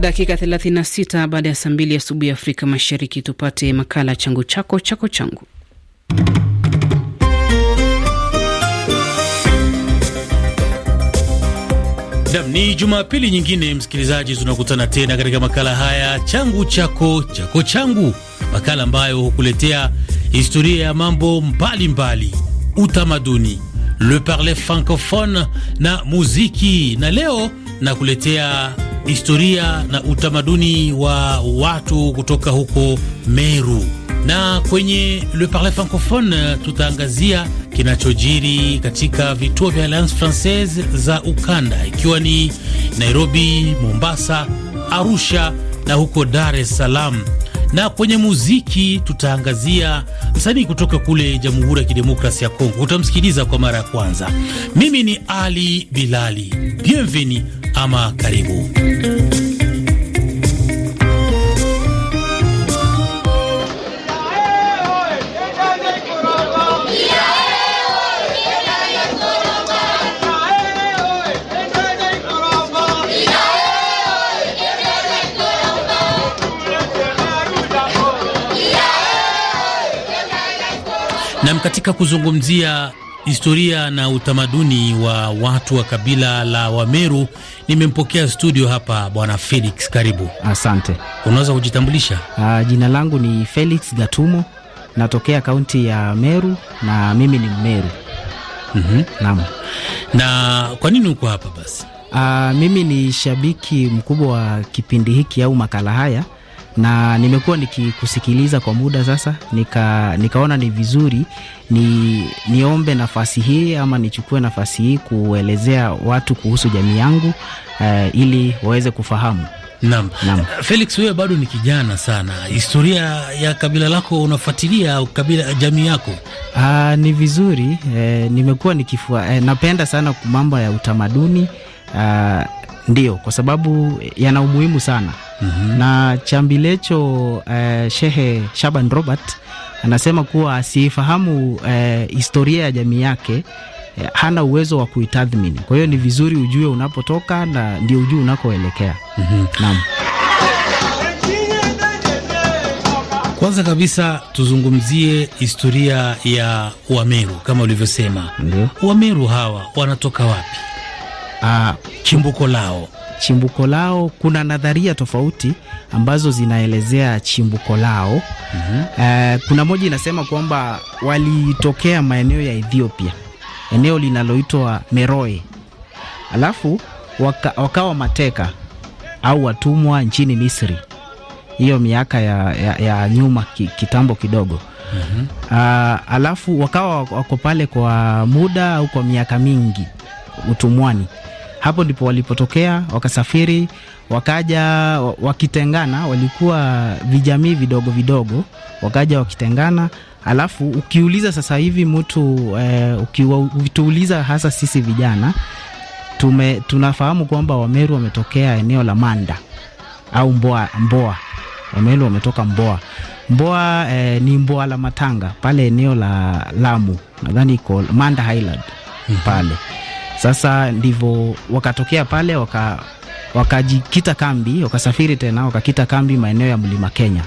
Dakika 36 baada ya saa mbili asubuhi ya Afrika Mashariki, tupate makala changu chako chako changu. Nam, ni Jumapili nyingine, msikilizaji, tunakutana tena katika makala haya changu chako chako changu, makala ambayo hukuletea historia ya mambo mbalimbali, utamaduni, le parler francophone na muziki, na leo nakuletea historia na utamaduni wa watu kutoka huko Meru. Na kwenye Le Parle Francophone tutaangazia kinachojiri katika vituo vya Alliance Francaise za ukanda, ikiwa ni Nairobi, Mombasa, Arusha na huko Dar es Salaam. Na kwenye muziki tutaangazia msanii kutoka kule Jamhuri ya Kidemokrasi ya Kongo, utamsikiliza kwa mara ya kwanza. Mimi ni Ali Bilali, bienvenue ama karibu. Nam, katika kuzungumzia historia na utamaduni wa watu wa kabila la Wameru. Nimempokea studio hapa Bwana Felix, karibu. Asante. Unaweza kujitambulisha? Uh, jina langu ni Felix Gatumo, natokea kaunti ya Meru na mimi ni Mmeru. mm-hmm. Naam. Na kwa nini uko hapa basi? Uh, mimi ni shabiki mkubwa wa kipindi hiki au makala haya na nimekuwa nikikusikiliza kwa muda sasa, nika nikaona ni vizuri ni niombe nafasi hii ama nichukue nafasi hii kuelezea watu kuhusu jamii yangu uh, ili waweze kufahamu. Naam. Naam. Felix, wewe bado ni kijana sana. Historia ya kabila lako unafuatilia au kabila jamii yako? Uh, ni vizuri eh, nimekuwa nikifua eh, napenda sana mambo ya utamaduni. Uh, ndio kwa sababu yana umuhimu sana mm -hmm. Na chambilecho eh, Shehe Shaban Robert anasema kuwa asiifahamu eh, historia ya jamii yake eh, hana uwezo wa kuitathmini. Kwa hiyo ni vizuri ujue unapotoka na ndio ujue unakoelekea. mm -hmm. nam Kwanza kabisa tuzungumzie historia ya Wameru kama ulivyosema. mm -hmm. Wameru hawa wanatoka wapi? uh, chimbuko lao chimbuko lao. Kuna nadharia tofauti ambazo zinaelezea chimbuko lao. mm -hmm. Uh, kuna moja inasema kwamba walitokea maeneo ya Ethiopia, eneo linaloitwa Meroe, alafu waka, wakawa mateka au watumwa nchini Misri, hiyo miaka ya, ya, ya nyuma kitambo kidogo. mm -hmm. Uh, alafu wakawa wako pale kwa muda au kwa miaka mingi utumwani hapo ndipo walipotokea wakasafiri, wakaja wakitengana, walikuwa vijamii vidogo vidogo, wakaja wakitengana. Alafu ukiuliza sasa hivi mtu eh, ukituuliza hasa sisi vijana tume, tunafahamu kwamba Wameru wametokea eneo la Manda au Mboa, Mboa. Wameru wametoka Mboa. Mboa eh, ni Mboa la Matanga pale eneo la Lamu, nadhani iko Manda Highland mhm. pale mm -hmm. Sasa ndivyo wakatokea pale, waka wakajikita kambi, wakasafiri tena wakakita kambi maeneo ya Mlima Kenya.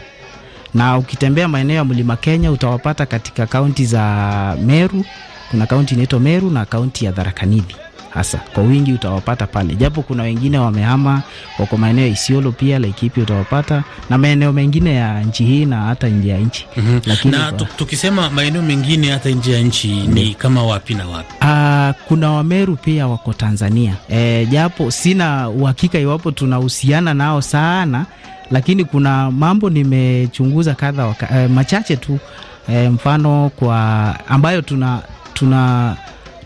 Na ukitembea maeneo ya Mlima Kenya utawapata katika kaunti za Meru, kuna kaunti inaitwa Meru na kaunti ya Tharaka Nithi hasa kwa wingi utawapata pale, japo kuna wengine wamehama, wako maeneo ya Isiolo pia Laikipia utawapata na maeneo mengine ya nchi hii na hata nje ya nchi mm -hmm. Lakini na kwa... tukisema maeneo mengine hata nje ya nchi mm -hmm. ni kama wapi na wapi? Aa, ah, kuna Wameru pia wako Tanzania e, japo sina uhakika iwapo tunahusiana nao sana, lakini kuna mambo nimechunguza kadha e, machache tu e, mfano kwa ambayo tuna tuna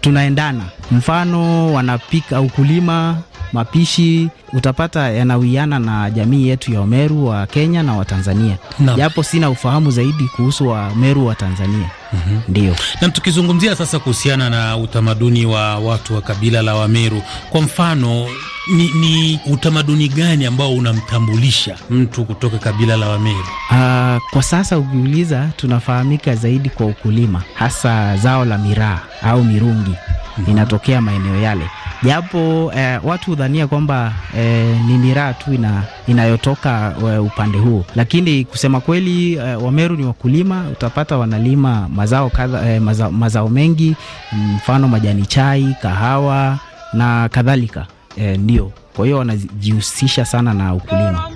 tunaendana. Mfano wanapika, ukulima, mapishi, utapata yanawiana na jamii yetu ya Wameru wa Kenya na Watanzania, japo sina ufahamu zaidi kuhusu Wameru wa Tanzania. Mm-hmm. Ndio. Na tukizungumzia sasa kuhusiana na utamaduni wa watu wa kabila la Wameru, kwa mfano ni, ni utamaduni gani ambao unamtambulisha mtu kutoka kabila la Wameru? Uh, ah, kwa sasa ukiuliza, tunafahamika zaidi kwa ukulima, hasa zao la miraa au mirungi mhm. inatokea maeneo yale, japo eh, watu hudhania kwamba eh, ni miraa tu ina, inayotoka uh, upande huo, lakini kusema kweli eh, Wameru ni wakulima. Utapata wanalima mazao kadha, eh, mazao, mazao mengi, mm, mfano majani chai, kahawa na kadhalika eh, ndio. Kwa hiyo wanajihusisha sana na ukulima.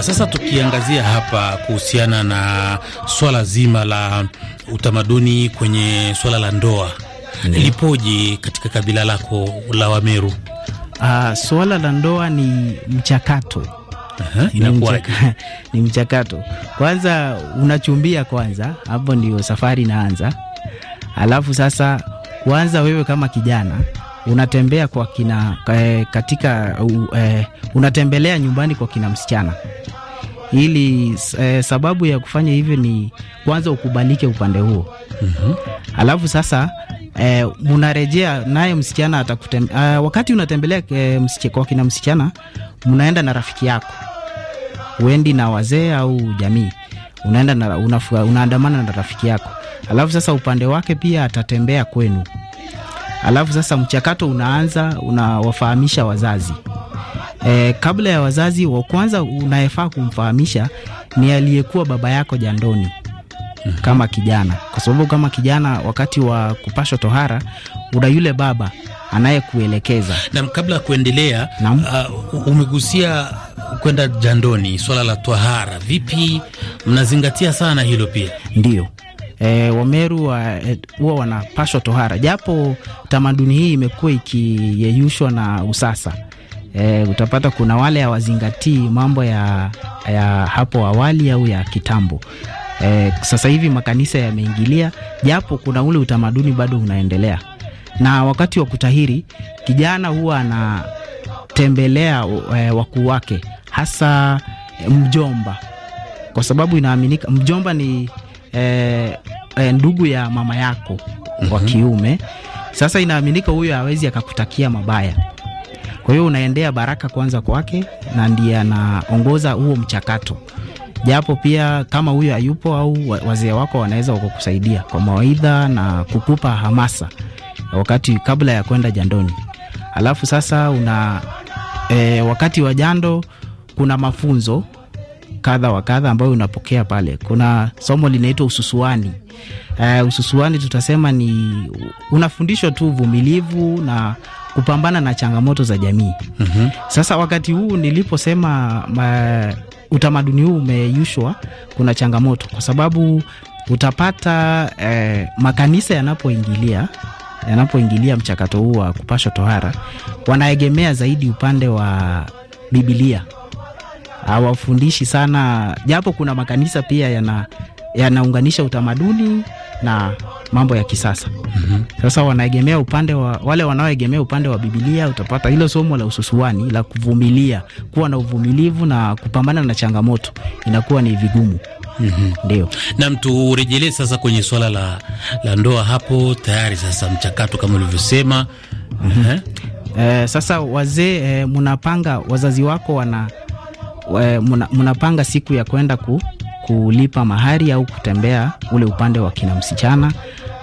Sasa tukiangazia hapa kuhusiana na swala zima la utamaduni kwenye swala la ndoa lipoje katika kabila lako la Wameru? Uh, swala la ndoa ni mchakato. Aha, ni, mchaka, ni mchakato. Kwanza unachumbia kwanza, hapo ndio safari inaanza alafu sasa kwanza wewe kama kijana unatembea kwa kina e, katika e, unatembelea nyumbani kwa kina msichana ili e, sababu ya kufanya hivyo ni kwanza ukubalike upande huo. mm -hmm. Alafu sasa e, unarejea naye msichana atakutem, e, wakati unatembelea e, msiche, kwa kina msichana mnaenda na rafiki yako, uendi na wazee au jamii, unaenda na, unafua, unaandamana na rafiki yako alafu sasa upande wake pia atatembea kwenu, alafu sasa mchakato unaanza, unawafahamisha wazazi e, kabla ya wazazi wa kwanza unayefaa kumfahamisha ni aliyekuwa baba yako jandoni kama kijana, kwa sababu kama kijana, wakati wa kupashwa tohara una yule baba anayekuelekeza. Nam, kabla ya kuendelea, uh, umegusia kwenda jandoni, swala la tohara, vipi mnazingatia sana hilo pia? ndio e, Wameru eh, huwa wanapashwa tohara, japo tamaduni hii imekuwa ikiyeyushwa na usasa. E, utapata kuna wale hawazingatii mambo ya, ya hapo awali au ya kitambo. E, sasa hivi makanisa yameingilia, japo kuna ule utamaduni bado unaendelea. Na wakati wa kutahiri kijana huwa anatembelea e, wakuu wake hasa e, mjomba, kwa sababu inaaminika mjomba ni eh, eh, ndugu ya mama yako mm -hmm. wa mhm. kiume. Sasa inaaminika huyo hawezi akakutakia mabaya, kwa hiyo unaendea baraka kwanza kwake, na ndiye anaongoza huo mchakato japo pia kama huyo hayupo au wazee wako wanaweza wakakusaidia kwa mawaidha na kukupa hamasa wakati kabla ya kwenda jandoni. Alafu sasa una e, wakati wa jando kuna mafunzo kadha wa kadha ambayo unapokea pale. Kuna somo linaitwa ususuani. Uh, ususuani tutasema ni unafundishwa tu uvumilivu na kupambana na changamoto za jamii. mm -hmm. Sasa wakati huu niliposema ma, utamaduni huu umeyushwa, kuna changamoto kwa sababu utapata eh, makanisa yanapoingilia yanapoingilia mchakato huu wa kupashwa tohara, wanaegemea zaidi upande wa Bibilia hawafundishi sana, japo kuna makanisa pia yana yanaunganisha utamaduni na mambo ya kisasa. Mm -hmm. Sasa wanaegemea upande wa wale wanaoegemea upande wa Biblia, utapata hilo somo la ususuani la kuvumilia, kuwa na uvumilivu na kupambana na changamoto inakuwa ni vigumu. Mm -hmm. Ndio. Na mtu urejelee sasa kwenye swala la, la ndoa hapo tayari sasa mchakato kama ulivyosema. Mm -hmm. Eh, sasa wazee, eh, mnapanga wazazi wako wana mnapanga siku ya kwenda ku, kulipa mahari au kutembea ule upande wa kina msichana,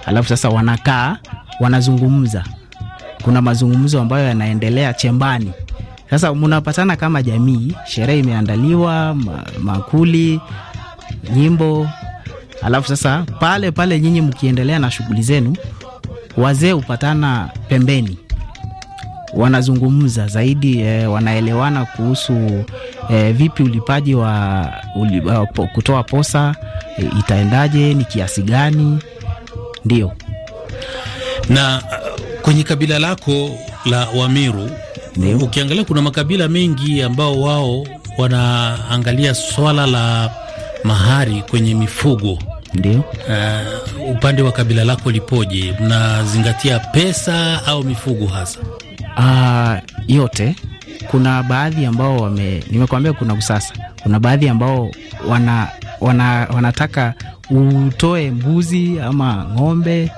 alafu sasa wanakaa wanazungumza, kuna mazungumzo ambayo yanaendelea chembani. Sasa mnapatana kama jamii, sherehe imeandaliwa, ma, makuli, nyimbo, alafu sasa pale pale nyinyi mkiendelea na shughuli zenu, wazee hupatana pembeni wanazungumza zaidi eh, wanaelewana kuhusu e, vipi ulipaji wa uli, uh, kutoa posa e, itaendaje? Ni kiasi gani? Ndio. Na eh, kwenye kabila lako la Wamiru Ndiyo. Ukiangalia kuna makabila mengi ambao wao wanaangalia swala la mahari kwenye mifugo. Ndio. Uh, upande wa kabila lako lipoje? Mnazingatia pesa au mifugo hasa? Uh, yote kuna baadhi ambao wame, nimekuambia kuna usasa, kuna baadhi ambao wana, wana, wanataka utoe mbuzi ama ng'ombe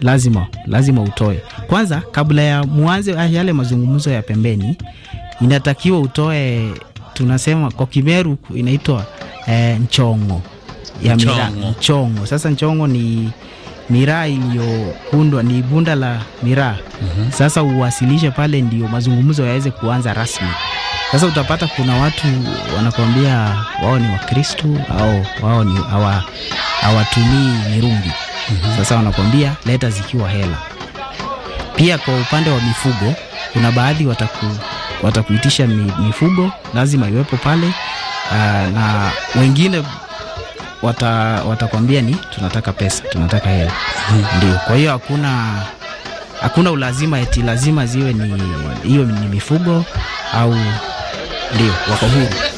lazima lazima utoe kwanza, kabla ya mwanze ah, yale mazungumzo ya pembeni, inatakiwa utoe, tunasema kwa Kimeru inaitwa eh, nchongo ya mchongo. Mchongo Sasa nchongo ni miraa iliyoundwa ni bunda la miraa mm -hmm. Sasa uwasilishe pale, ndio mazungumzo yaweze kuanza rasmi. Sasa utapata kuna watu wanakuambia wao ni Wakristu au wao ni hawatumii mirungi mm -hmm. Sasa wanakuambia leta zikiwa hela. Pia kwa upande wa mifugo, kuna baadhi wataku, watakuitisha mifugo lazima iwepo pale, uh, na wengine wata watakwambia ni tunataka pesa, tunataka hela ndio. Kwa hiyo hakuna hakuna ulazima eti lazima ziwe ni hiyo ni mifugo au ndio wako huru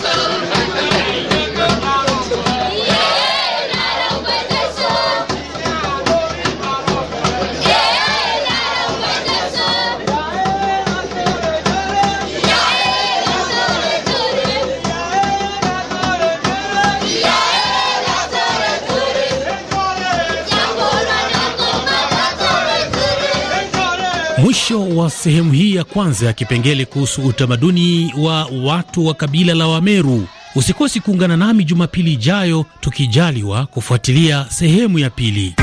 Mwisho wa sehemu hii ya kwanza ya kipengele kuhusu utamaduni wa watu wa kabila la Wameru. Usikosi kuungana nami Jumapili ijayo tukijaliwa, kufuatilia sehemu ya pili.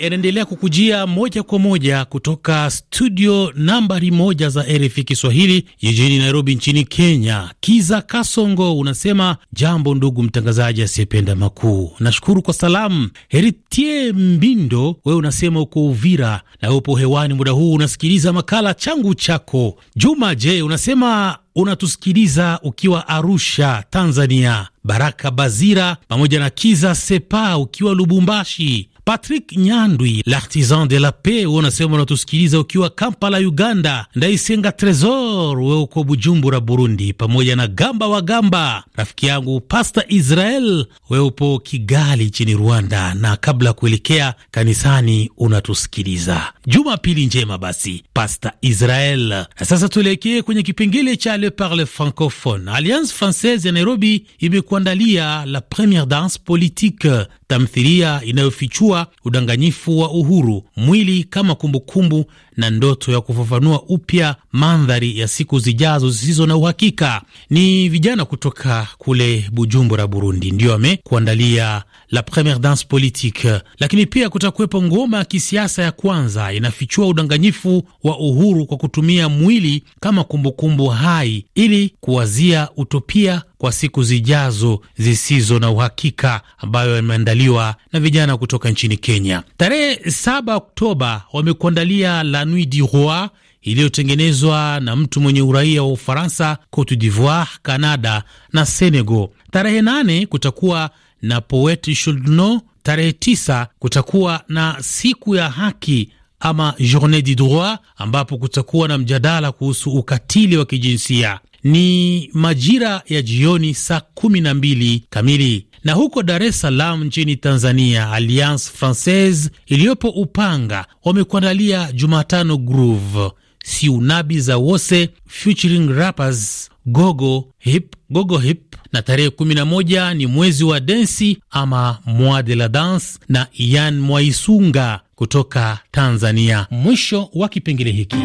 yanaendelea kukujia moja kwa moja kutoka studio nambari moja za RFI Kiswahili jijini Nairobi nchini Kenya. Kiza Kasongo unasema jambo ndugu mtangazaji asiyependa makuu, nashukuru kwa salamu. heritie Mbindo, wewe unasema uko Uvira na upo hewani muda huu unasikiliza makala changu chako. Juma je, unasema unatusikiliza ukiwa Arusha, Tanzania. Baraka Bazira pamoja na Kiza Sepa ukiwa Lubumbashi. Patrick Nyandwi l'artisan de la paix, wewe unasema unatusikiliza ukiwa Kampala Uganda, Ndaisenga Tresor wewe uko Bujumbura Burundi, pamoja na Gamba wa Gamba, rafiki yangu Pasta Israel wewe upo Kigali nchini Rwanda, na kabla ya kuelekea kanisani unatusikiliza. Jumapili njema basi, Pasta Israel. Na sasa tuelekee kwenye kipengele cha Le Parle Francophone. Alliance Francaise ya Nairobi imekuandalia la premiere danse politique tamthilia inayofichua udanganyifu wa uhuru, mwili kama kumbukumbu na ndoto ya kufafanua upya mandhari ya siku zijazo zisizo na uhakika. Ni vijana kutoka kule Bujumbura, Burundi, ndio amekuandalia la premiere danse politique, lakini pia kutakuwepo ngoma ya kisiasa ya kwanza inafichua udanganyifu wa uhuru kwa kutumia mwili kama kumbukumbu hai ili kuwazia utopia kwa siku zijazo zisizo na uhakika ambayo yameandaliwa na vijana kutoka nchini Kenya. Tarehe 7 Oktoba wamekuandalia la Nuit du Roi iliyotengenezwa na mtu mwenye uraia wa Ufaransa, Cote d'Ivoire, Canada na Senegal. Tarehe nane kutakuwa na Poet Cholno. Tarehe tisa kutakuwa na siku ya haki ama Journee du Droit, ambapo kutakuwa na mjadala kuhusu ukatili wa kijinsia ni majira ya jioni saa kumi na mbili kamili. Na huko Dar es Salaam nchini Tanzania, Alliance Francaise iliyopo Upanga wamekuandalia Jumatano Groove, Siunabi za Wose featuring rappers Gogo Hip, Gogo Hip, na tarehe 11 ni mwezi wa densi ama moi de la Danse na Ian Mwaisunga kutoka Tanzania. Mwisho wa kipengele hiki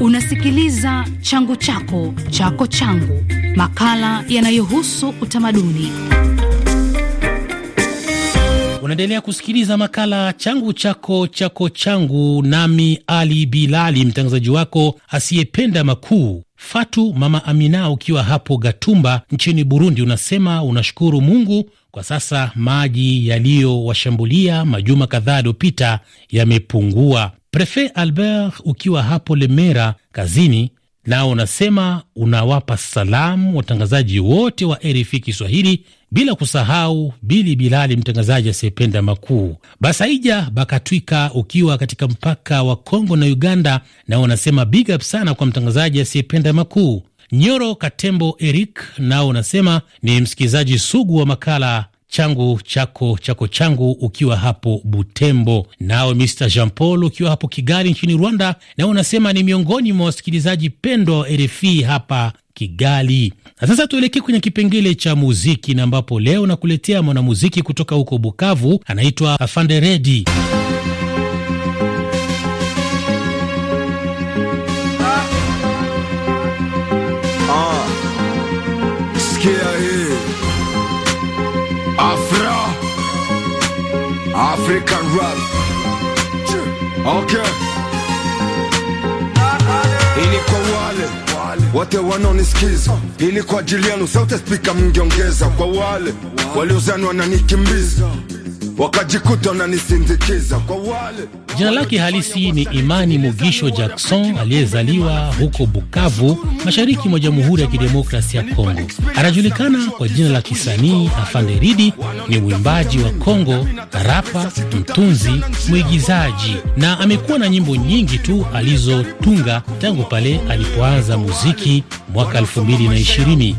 Unasikiliza Changu Chako Chako Changu, makala yanayohusu utamaduni. Unaendelea kusikiliza makala Changu Chako Chako Changu, nami Ali Bilali, mtangazaji wako asiyependa makuu. Fatu Mama Amina, ukiwa hapo Gatumba nchini Burundi, unasema unashukuru Mungu kwa sasa maji yaliyowashambulia majuma kadhaa yaliyopita yamepungua. Prefet Albert, ukiwa hapo Lemera kazini, nao unasema unawapa salamu watangazaji wote wa RFI Kiswahili bila kusahau Bili Bilali, mtangazaji asiyependa makuu. Basaija Bakatwika, ukiwa katika mpaka wa Kongo na Uganda, nao unasema big up sana kwa mtangazaji asiyependa makuu. Nyoro Katembo Eric nao unasema ni msikilizaji sugu wa makala changu chako chako changu, ukiwa hapo Butembo. Nawe Mr Jean Paul ukiwa hapo Kigali nchini Rwanda, nawe unasema ni miongoni mwa wasikilizaji pendwa wa RFI hapa Kigali. Na sasa tuelekee kwenye kipengele cha muziki, na ambapo leo nakuletea mwanamuziki kutoka huko Bukavu, anaitwa Fanderedi. African rap. Okay. Ili kwa wale wote wanaonisikiza, ili kwa ajili yenu sauti spika mngeongeza, kwa wale na wananikimbiza wakajikuta wananisindikiza kwa wale. Jina lake halisi ni Imani Mugisho Jackson, aliyezaliwa huko Bukavu, mashariki mwa Jamhuri ya Kidemokrasia ya Kongo. Anajulikana kwa jina la kisanii afanderidi Ni mwimbaji wa Kongo, rapa, mtunzi, mwigizaji na amekuwa na nyimbo nyingi tu alizotunga tangu pale alipoanza muziki mwaka 2020.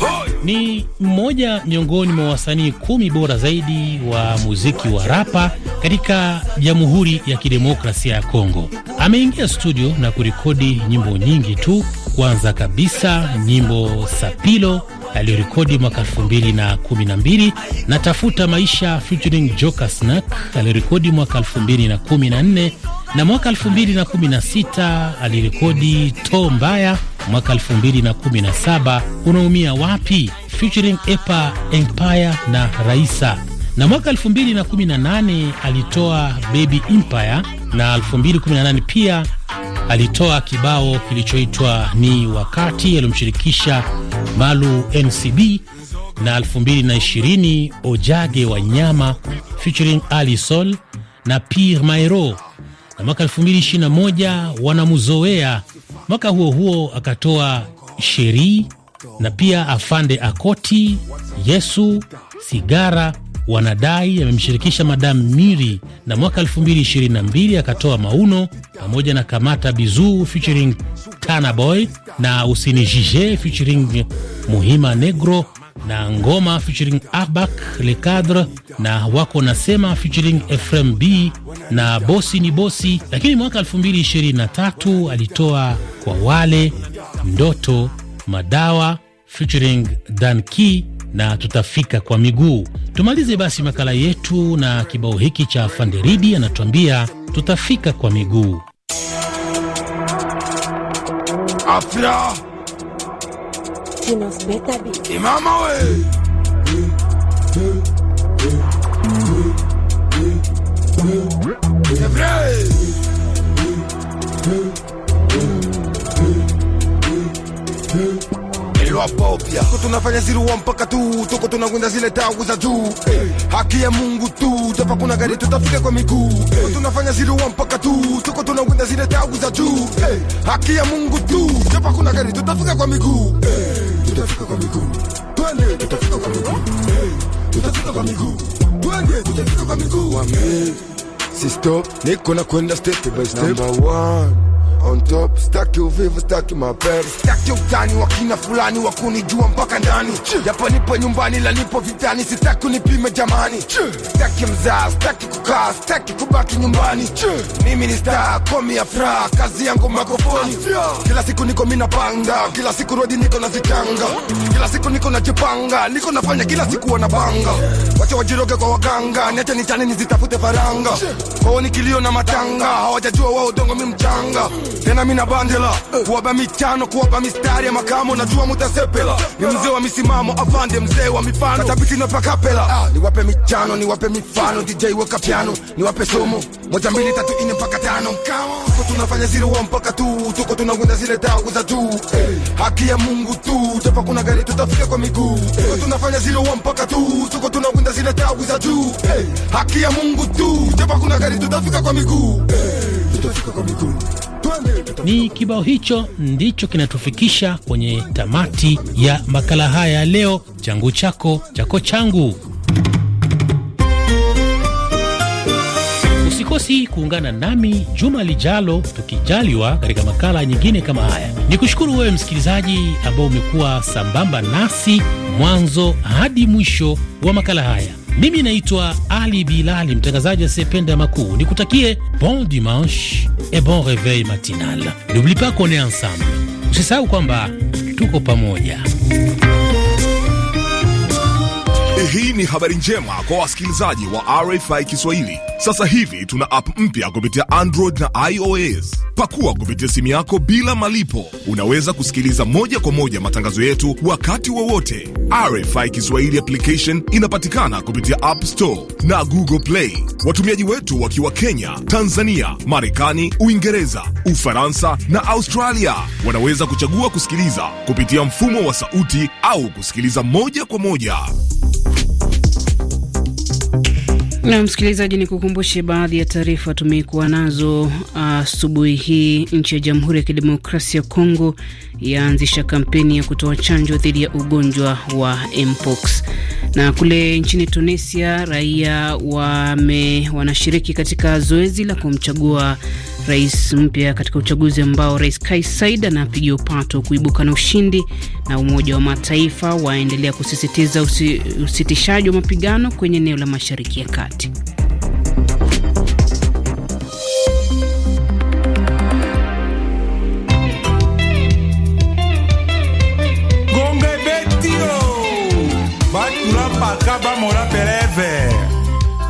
Uh, ni mmoja miongoni mwa wasanii kumi bora zaidi wa muziki wa rapa katika Jamhuri ya Kidemokrasia ya Kongo. Ameingia studio na kurekodi nyimbo nyingi tu. Kwanza kabisa nyimbo Sapilo aliyorekodi mwaka 2012 na Tafuta Maisha featuring jokasnak Snack aliyorekodi mwaka 2014 na mwaka 2016 alirekodi to mbaya, mwaka 2017 unaumia wapi featuring Epa Empire na Raisa, na mwaka 2018 alitoa Baby Empire na 2018 pia alitoa kibao kilichoitwa ni wakati aliyomshirikisha Malu NCB na 2020 Ojage wa nyama featuring Ali Sol na Pierre Mairo na mwaka 2021 wanamzoea. Mwaka huo huo akatoa Sheri na pia Afande Akoti, Yesu, Sigara wanadai amemshirikisha Madam Miri na mwaka 2022 akatoa Mauno pamoja na Kamata Bizu featuring Tanaboy na Usinijije featuring Muhima Negro na Ngoma featuring abak Le Cadre na wako nasema featuring FMB na Bosi ni Bosi. Lakini mwaka 2023 alitoa kwa wale ndoto madawa featuring Danki na tutafika kwa miguu. Tumalize basi makala yetu na kibao hiki cha Fanderidi anatuambia tutafika kwa miguu Afra pronounce Beta B. Imama we! tunafanya zilua mpaka tu tuko tunagwinda zile tangu za juu hey. haki ya Mungu tu tapa kuna gari tutafika kwa miguu hey. tunafanya zilua mpaka tu tuko tunagwinda zile tangu za juu hey. haki ya Mungu tu tapa kuna gari tutafika kwa miguu hey. utafika kwa miguu, twende, utafika kwa miguu, hey, utafika kwa miguu, twende, utafika kwa miguu, wame si stop, niko na kwenda step by step, number one on top staki uvivu staki mapevu staki utani wakina fulani wakunijua mpaka ndani japo nipo nyumbani la nipo vitani sitaki unipime jamani staki mzaa staki kukaa staki kubaki nyumbani mimi ni staa komi ya furaha kazi yangu makofoni kila siku niko minapanga kila siku rodi niko na zitanga kila siku niko najipanga niko nafanya kila siku wanapanga wacha wajiroge kwa waganga niache nitani nizitafute faranga kwao ni kilio na matanga hawajajua wa udongo mi mchanga tena mina bandela kuwaba mitano kuwaba mistari ya makamo najua mutasepela ni mzee wa misimamo afande mzee wa mifano tabiti napakapela ah, niwape michano niwape mifano dj weka piano niwape somo moja mbili tatu ine mpaka tano tuko tunafanya zile wa mpaka tu tuko tunagunda zile tangu za tu haki ya mungu tu japa kuna gari tutafika kwa miguu tuko tunafanya zile wa mpaka tu tuko tunagunda zile tangu za tu haki ya mungu tu japa kuna gari tutafika kwa miguu hey tutafika kwa Ni kibao hicho ndicho kinatufikisha kwenye tamati ya makala haya ya leo, changu chako chako changu. Usikosi kuungana nami juma lijalo, tukijaliwa, katika makala nyingine kama haya. Ni kushukuru wewe msikilizaji ambao umekuwa sambamba nasi mwanzo hadi mwisho wa makala haya. Mimi naitwa Ali Bilali, mtangazaji asiyependa makuu. Nikutakie bon dimanche et bon reveil matinal. N'oublie pas qu'on est ensemble, usisahau kwamba tuko pamoja. Eh, hii ni habari njema kwa wasikilizaji wa RFI Kiswahili. Sasa hivi tuna app mpya kupitia Android na iOS. Pakua kupitia simu yako bila malipo. Unaweza kusikiliza moja kwa moja matangazo yetu wakati wowote wa RFI Kiswahili application inapatikana kupitia App Store na Google Play. Watumiaji wetu wakiwa Kenya, Tanzania, Marekani, Uingereza, Ufaransa na Australia wanaweza kuchagua kusikiliza kupitia mfumo wa sauti au kusikiliza moja kwa moja. Na msikilizaji, ni kukumbushe baadhi ya taarifa tumekuwa nazo asubuhi uh, hii. Nchi ya Jamhuri ya Kidemokrasia ya Kongo yaanzisha kampeni ya kutoa chanjo dhidi ya ugonjwa wa mpox. Na kule nchini Tunisia raia wame wanashiriki katika zoezi la kumchagua rais mpya katika uchaguzi ambao rais Kais Saied anapiga upato kuibuka na ushindi, na Umoja wa Mataifa waendelea kusisitiza usi, usitishaji wa mapigano kwenye eneo la Mashariki ya Kati.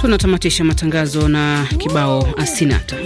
Tunatamatisha matangazo na kibao Asinata.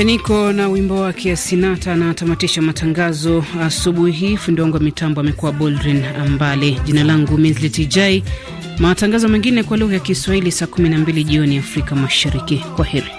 Beniko na wimbo wake Sinata anatamatisha matangazo asubuhi hii. Fundi wangu wa mitambo amekuwa Boldrin Ambale, jina langu Minzleti Jai. Matangazo mengine kwa lugha ya Kiswahili saa 12 jioni Afrika Mashariki. Kwa heri.